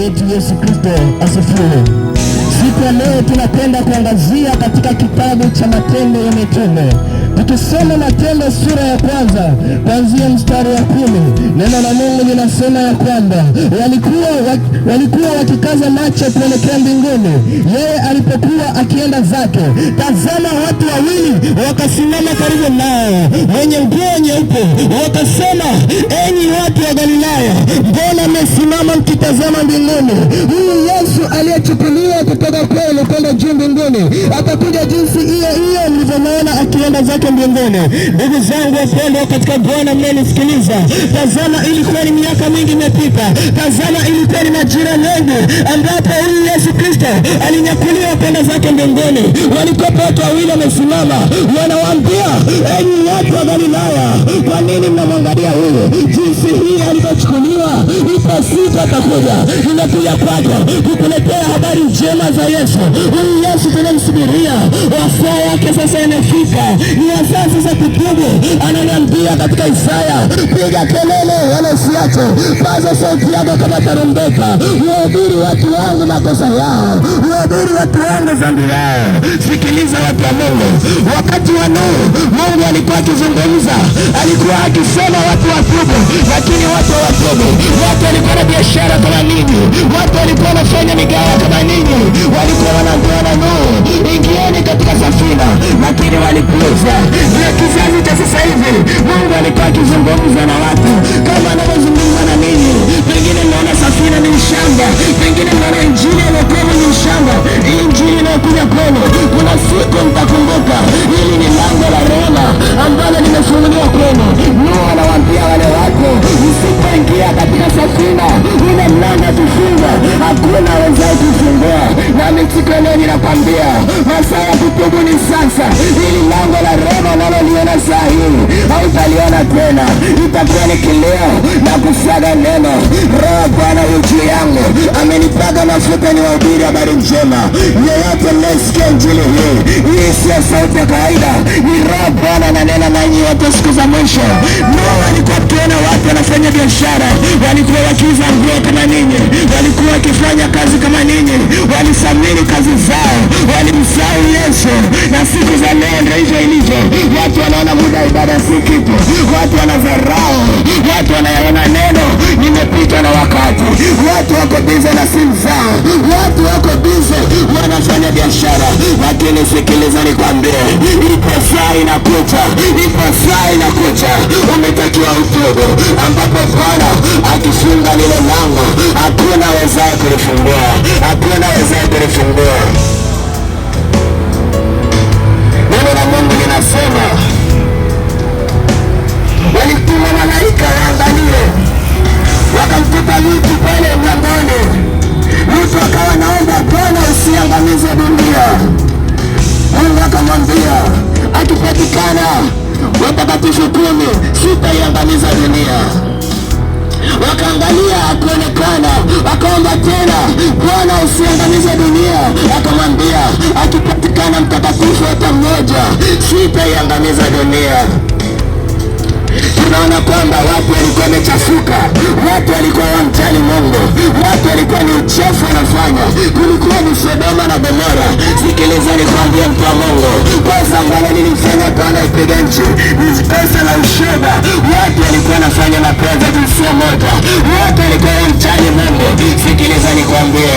wetu Yesu Kristo asifiwe. Siku ya leo tunapenda kuangazia katika kitabu cha Matendo ya Mitume. Tukisoma Matendo sura ya kwanza kuanzia mstari wa kumi, neno la Mungu linasema ya kwamba walikuwa, walikuwa wakikaza macho kuelekea mbinguni, yeye alipokuwa akienda zake, tazama, watu wawili wakasimama karibu naye, wenye nguo nyeupe, wakasema, enyi watu wa Galilaya, mbona mmesimama mkitazama mbinguni? Huyu Yesu aliyechukuliwa kutoka kwenu kwenda juu mbinguni atakuja jinsi hiyo hiyo mlivyomwona akienda zake huko mbinguni. Ndugu zangu wapendwa katika Bwana mnanisikiliza, tazama, ilikuwa ni miaka mingi imepita. Tazama, ilikuwa ni majira mengi ambapo huyu Yesu Kristo alinyakuliwa kwenda zake mbinguni. Walikuwepo watu wawili wamesimama, wanawaambia enyi watu wa Galilaya, kwa nini mnamwangalia huyu Jinsi hii alivyochukuliwa, ipo siku atakuja, inakuja kwako kukuletea habari njema za Yesu. Huyu Yesu tunamsubiria, wasaa wake sasa imefika nafasi za kitubu, ananiambia katika Isaya, piga kelele wala usiache, paza sauti yako kama tarumbeta, uwahubiri watu wangu makosa yao, uwahubiri watu wangu dhambi yao. Sikiliza watu wa Mungu, wakati wa Nuhu Mungu alikuwa akizungumza, alikuwa akisema watu watubu, lakini watu watubu Watu walikuwa na biashara kama nini watu walikuwa wanafanya migawa kama nini masaa ya kutubu ni sasa, ili lango la rema unaloliona saa hii hautaliona tena, itakuwa ni kileo na kusaga neno. Roho Bwana yu juu yangu, amenipaga mafuta ni wahubiri habari njema. Yeyote anayesikia injili hii, hii sio sauti ya kawaida Bwana ananena nanyi watu siku za mwisho. Noa walikuwa tuona watu wanafanya biashara, walikuwa wakiuza nguo kama ninyi, walikuwa wakifanya kazi kama ninyi, walisamini kazi zao, walimsahau Yesu. Na siku za leo ndio hivyo ilivyo. Watu wanaona muda ibada si kitu, watu wanadharau, watu wanayaona neno nimepitwa na wakati, watu wako bize na simu zao, watu wako bize wafanya biashara, lakini sikiliza nikwambie, ipo saa inakuja, ipo saa inakuja umetakiwa utubu, ambapo Bwana akifunga lile lango hakuna wezae kulifungua, hakuna wezae kulifungua. Neno la Mungu linasema walituma malaika sitaiangamiza dunia. Tunaona kwamba watu walikuwa wamechafuka, watu walikuwa wamjali Mungu, watu walikuwa ni uchafu wanafanya, kulikuwa ni Sodoma na Gomora. Sikiliza nikwambie, mtu wa Mungu, kwanza angalia nilimfanya kaana ipiga nchi ni pesa la usheba Watu walikuwa wanafanya mapenzi ya jinsia moja, watu walikuwa wamjali Mungu. Sikiliza nikwambie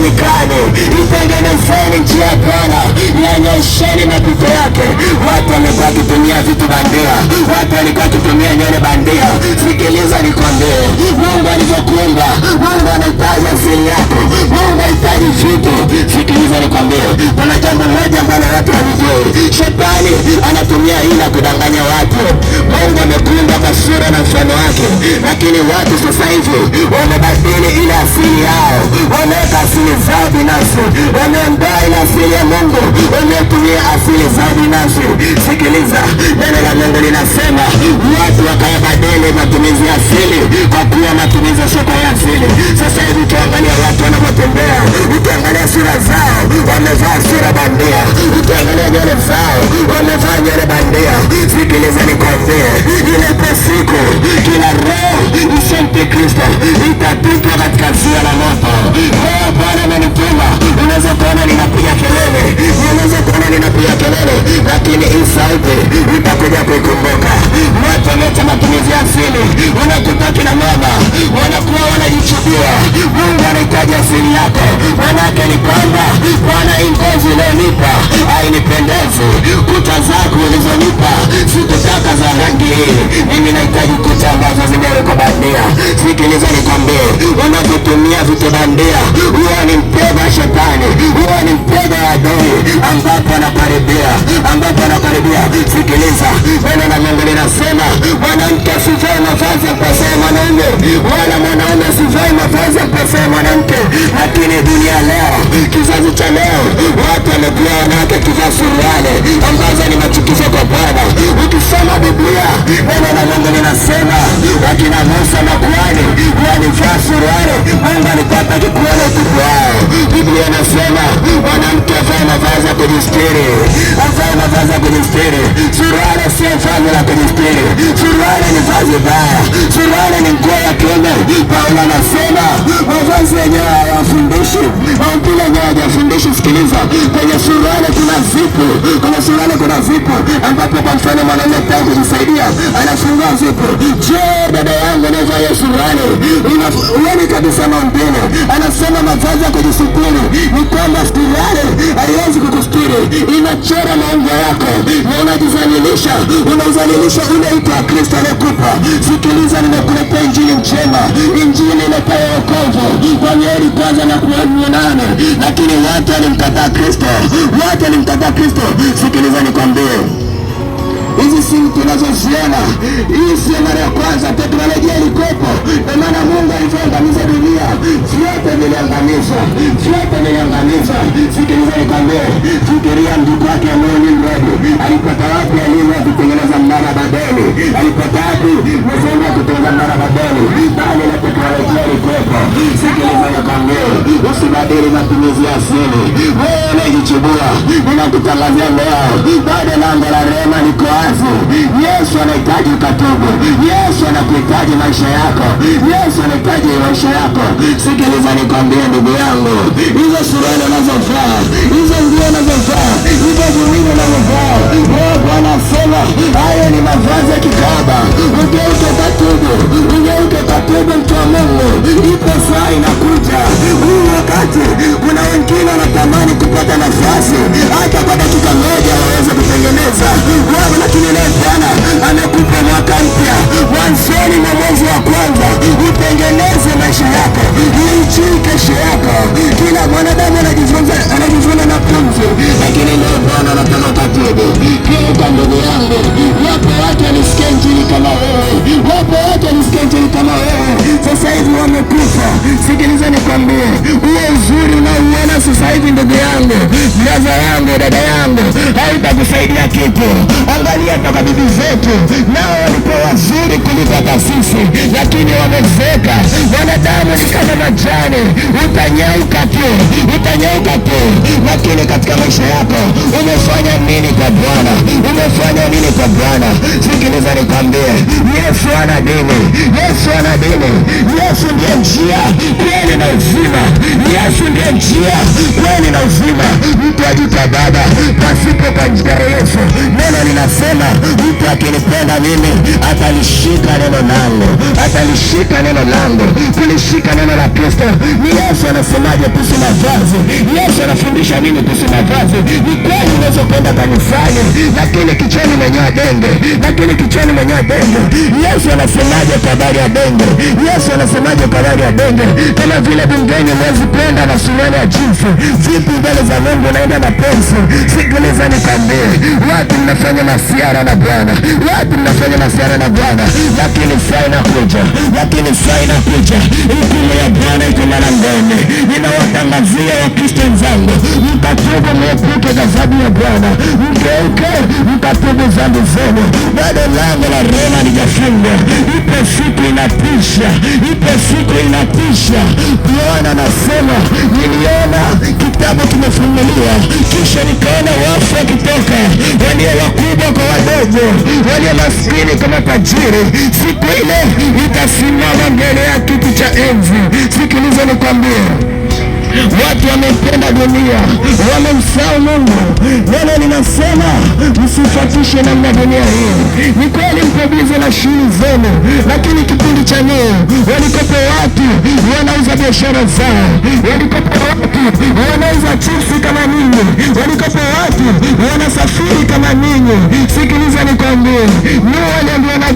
nyikani, itengenezeni njia panda, na mapito yake. Watu wamekuwa wakitumia vitu bandia, watu walikuwa wakitumia nywele bandia. Sikiliza nikwambie, Mungu alivyokuumba, Mungu anahitaji asili yako vitu. Sikiliza nikwambie, kuna jambo moja ambalo watu hawajui. Shetani anatumia ila kudanganya watu. Mungu amekumba kwa sura na mfano wake, lakini watu sasa hivi wamebadili ile asili yao, wameweka asili zao binafsi, wameondoa ile asili ya Mungu, wametumia asili zao binafsi. Sikiliza, neno la Mungu linasema watu wakayabadili matumizi ya asili kwa kuwa matumizi sio ya asili. Sasa hivi tuangalia watu wanavyotembea ukiangalia sura zao wamevaa sura bandia, ukiangalia nywele zao wamevaa nywele bandia. Sikiliza nikwambie, ilepo siku kila roho isiyomtii Kristo itatupwa katika ziwa la moto. kutengeneza vigombeo, wanavyotumia vitu bandia. Huo ni mtego wa shetani, huo ni mtego wa adui, ambapo anakaribia, ambapo anakaribia. Sikiliza neno la Mungu linasema, mwanamke asivae mavazi apasaye mwanaume, wala mwanaume asivae mavazi apasaye mwanamke. Lakini dunia leo, kizazi cha leo, watu wamekuwa wanawake kivaa suruali ambazo ni machukizo kwa Bwana. kujistiri, avae mavazi ya kujistiri. Suruali sio vazi la kujistiri, suruali ni vazi baya, suruali ni nguo ya kiume. Paulo anasema mavazi yenyewe hayafundishi, au kile Sikiliza, kwenye suruali kuna zipu, kwenye suruali kuna zipu ambapo kwa mfano mwanaume taka kujisaidia anafungua zipu. Je, dada yangu anavaa hiyo suruali, uoni kabisa maumbile? Anasema mavazi ya kujisitiri ni kwamba suruali haiwezi kukustiri, inachora maungo yako na unajizalilisha, unazalilisha ule ito wa Kristo aliyekupa. Sikiliza, nimekuletea Injili injili inatoa wokovu. Danieli kwanza na Kuhani nane, lakini wote walimkataa Kristo, wote walimkataa Kristo. Sikiliza nikwambie, hizi simu tunazoziona, hii sio mara ya kwanza. Teknolojia ilikopo, na maana Mungu alivyoangamiza dunia, vyote viliangamizwa, vyote viliangamizwa. Sikiliza nikwambie, fikiria mjukuu wake Amoni mradi alikuwa kubadili matumizi ya asili. Wewe umejichubua, ninakutangazia leo, bado lango la rehema liko wazi. Yesu anahitaji ukatubu. Yesu anakuhitaji maisha yako. Yesu anahitaji maisha yako. Sikiliza nikwambie, ndugu yangu, hizo suruali unazovaa, hizo nguo unazovaa, hizo viwili unazovaa, Mungu anasema hayo ni mavazi ya kikaba. Ugeuke katubu, ugeuke katubu, mtu wa Mungu, ipo saa inakuja wakati kuna wengine wanatamani kupata nafasi hata kwa dakika moja waweze kutengeneza wao, lakini leo Bwana amekupa mwaka mpya, mwanzoni mwa mwezi wa kwanza utengeneze maisha yako, uijui kesho yako. Kila mwanadamu anajizungumza na pumzi, lakini leo Bwana anataka umepita. Sikiliza nikwambie, huo uzuri unaouona sasa hivi, ndugu yangu, braza yangu, dada yangu, haitaku kusaidia kitu. Angalia toka mabibi zetu, nao walikuwa wazuri kulitaka sisi, lakini wamezeka Wanadamu ni kama majani, utanyauka tu, utanyauka tu. Lakini katika maisha yako umefanya nini kwa Bwana? Umefanya nini kwa Bwana? Sikiliza nikwambie, Yesu ana dini, Yesu ana dini. Yesu ndiye njia, kweli na uzima. Yesu ndiye njia, kweli na uzima. Mtu ajuta Baba pasipo kwa njia mrefu. Neno linasema mtu akinipenda mimi atalishika neno langu, atalishika neno langu, kulishika neno la Kristo. Ni Yesu anasemaje kuhusu mavazi? Yesu anafundisha nini kuhusu mavazi? Ni kweli unaweza kwenda kanisani, lakini kichwani mwenyewe dende, lakini kichwani mwenyewe dende. Yesu ana kwa habari ya denge. Yesu anasemaje kwa habari ya denge? Kama vile bungeni mwezi penda na suruali ya jinsi, vipi mbele za Mungu naenda na pensi? Sikiliza nikwambie, watu mnafanya masiara na Bwana, watu mnafanya masiara na Bwana, lakini saa inakuja, lakini saa inakuja, hukumu ya Bwana iko mlangoni. Ninawatangazia Wakristo wenzangu, mkatubu, mwepuke ghadhabu ya Bwana, mgeuke tubu zangu zenu, bado lango la rehema lijafungwa. ipe siku inatisha, ipo siku inatisha. Bwana anasema niliona kitabu kimefunuliwa, kisha nikaona wafu wakitoka, walio wakubwa kwa wadogo, walio maskini kwa matajiri. Siku ile itasimama mbele ya kiti cha enzi. Sikiliza nikwambie Watu wamependa dunia, wamemsahau Mungu. Neno linasema msifuatishe namna dunia hii. Ni kweli mpo bize na shughuli zenu, lakini kipindi cha leo walikopa watu wanauza biashara zao, walikopa watu wanauza chipsi kama ninyi, walikopa watu wanasafiri kama ninyi. Sikiliza nikwambie, Nuhu aliambiwa na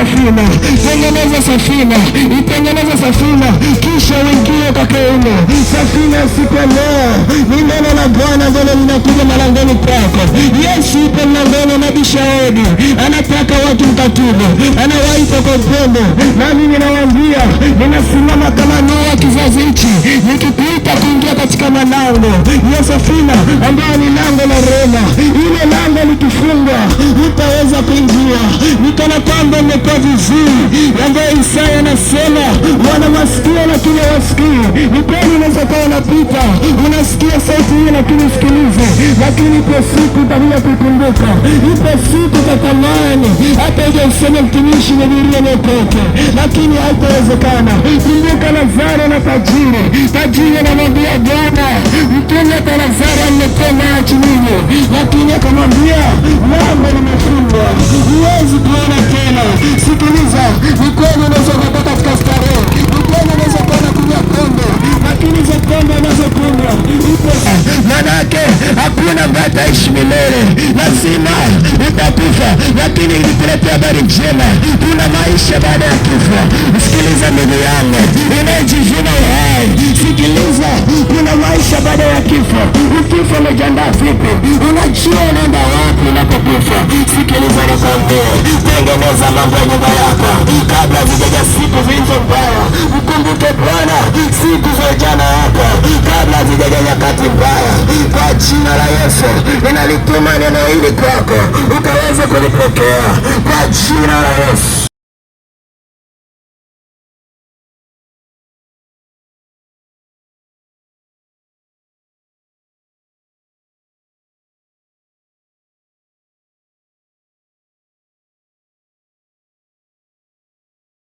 safina, tengeneza safina, itengeneza safina, kisha uingie ukakeune. Safina ya siku ya leo ni neno la Bwana ambalo linakuja malangoni kwako. Yesu yupo mlangoni, anabisha hodi, anataka watu mkatubu, anawaita kwa upendo. Nami ninawaambia ninasimama kama Noa kizazi hichi nikipi kuingia katika malango ya safina ambayo ni lango la Roma. Ile lango likifungwa utaweza kuingia. Ni kana kwamba mmekuwa vizuri ambayo Isaya anasema wana masikio lakini hawasikii. Ni kweli, unaweza kuwa unapita unasikia sauti hiyo lakini usikilize, lakini ipo siku utakuja kuikumbuka. Ipo siku utatamani hata uje useme mtumishi, Biblia nipoke, lakini haitawezekana. Lazaro na tajiri. Tajiri anamwambia Bwana, mtume kwa Lazaro amependa achi nini, lakini akamwambia lango limefungwa, huwezi kuona tena. Sikiliza, ni kweli unaweza kukaa katika starehe, ni kweli unaweza kuona kunywa pombe, lakini hizo pombe unazokunywa ipo manake, hakuna ambaye ataishi milele, lazima itakufa ninakuletea habari njema, kuna maisha baada ya kifo. Sikiliza ndugu yangu inayejivuna uhai, sikiliza, kuna maisha baada ya kifo. Ukifo umejiandaa vipi? Unajua unaenda wapi unapokufa? Sikiliza nikwambie, tengeneza mambo ya nyumba yako kabla zijaja siku zilizo mbaya. Mkumbuke Bwana siku za ujana wako kabla zijaja nyakati mbaya. Kwa jina la Yesu ninalituma neno hili kwako ukaweze kulipokea. Bad shit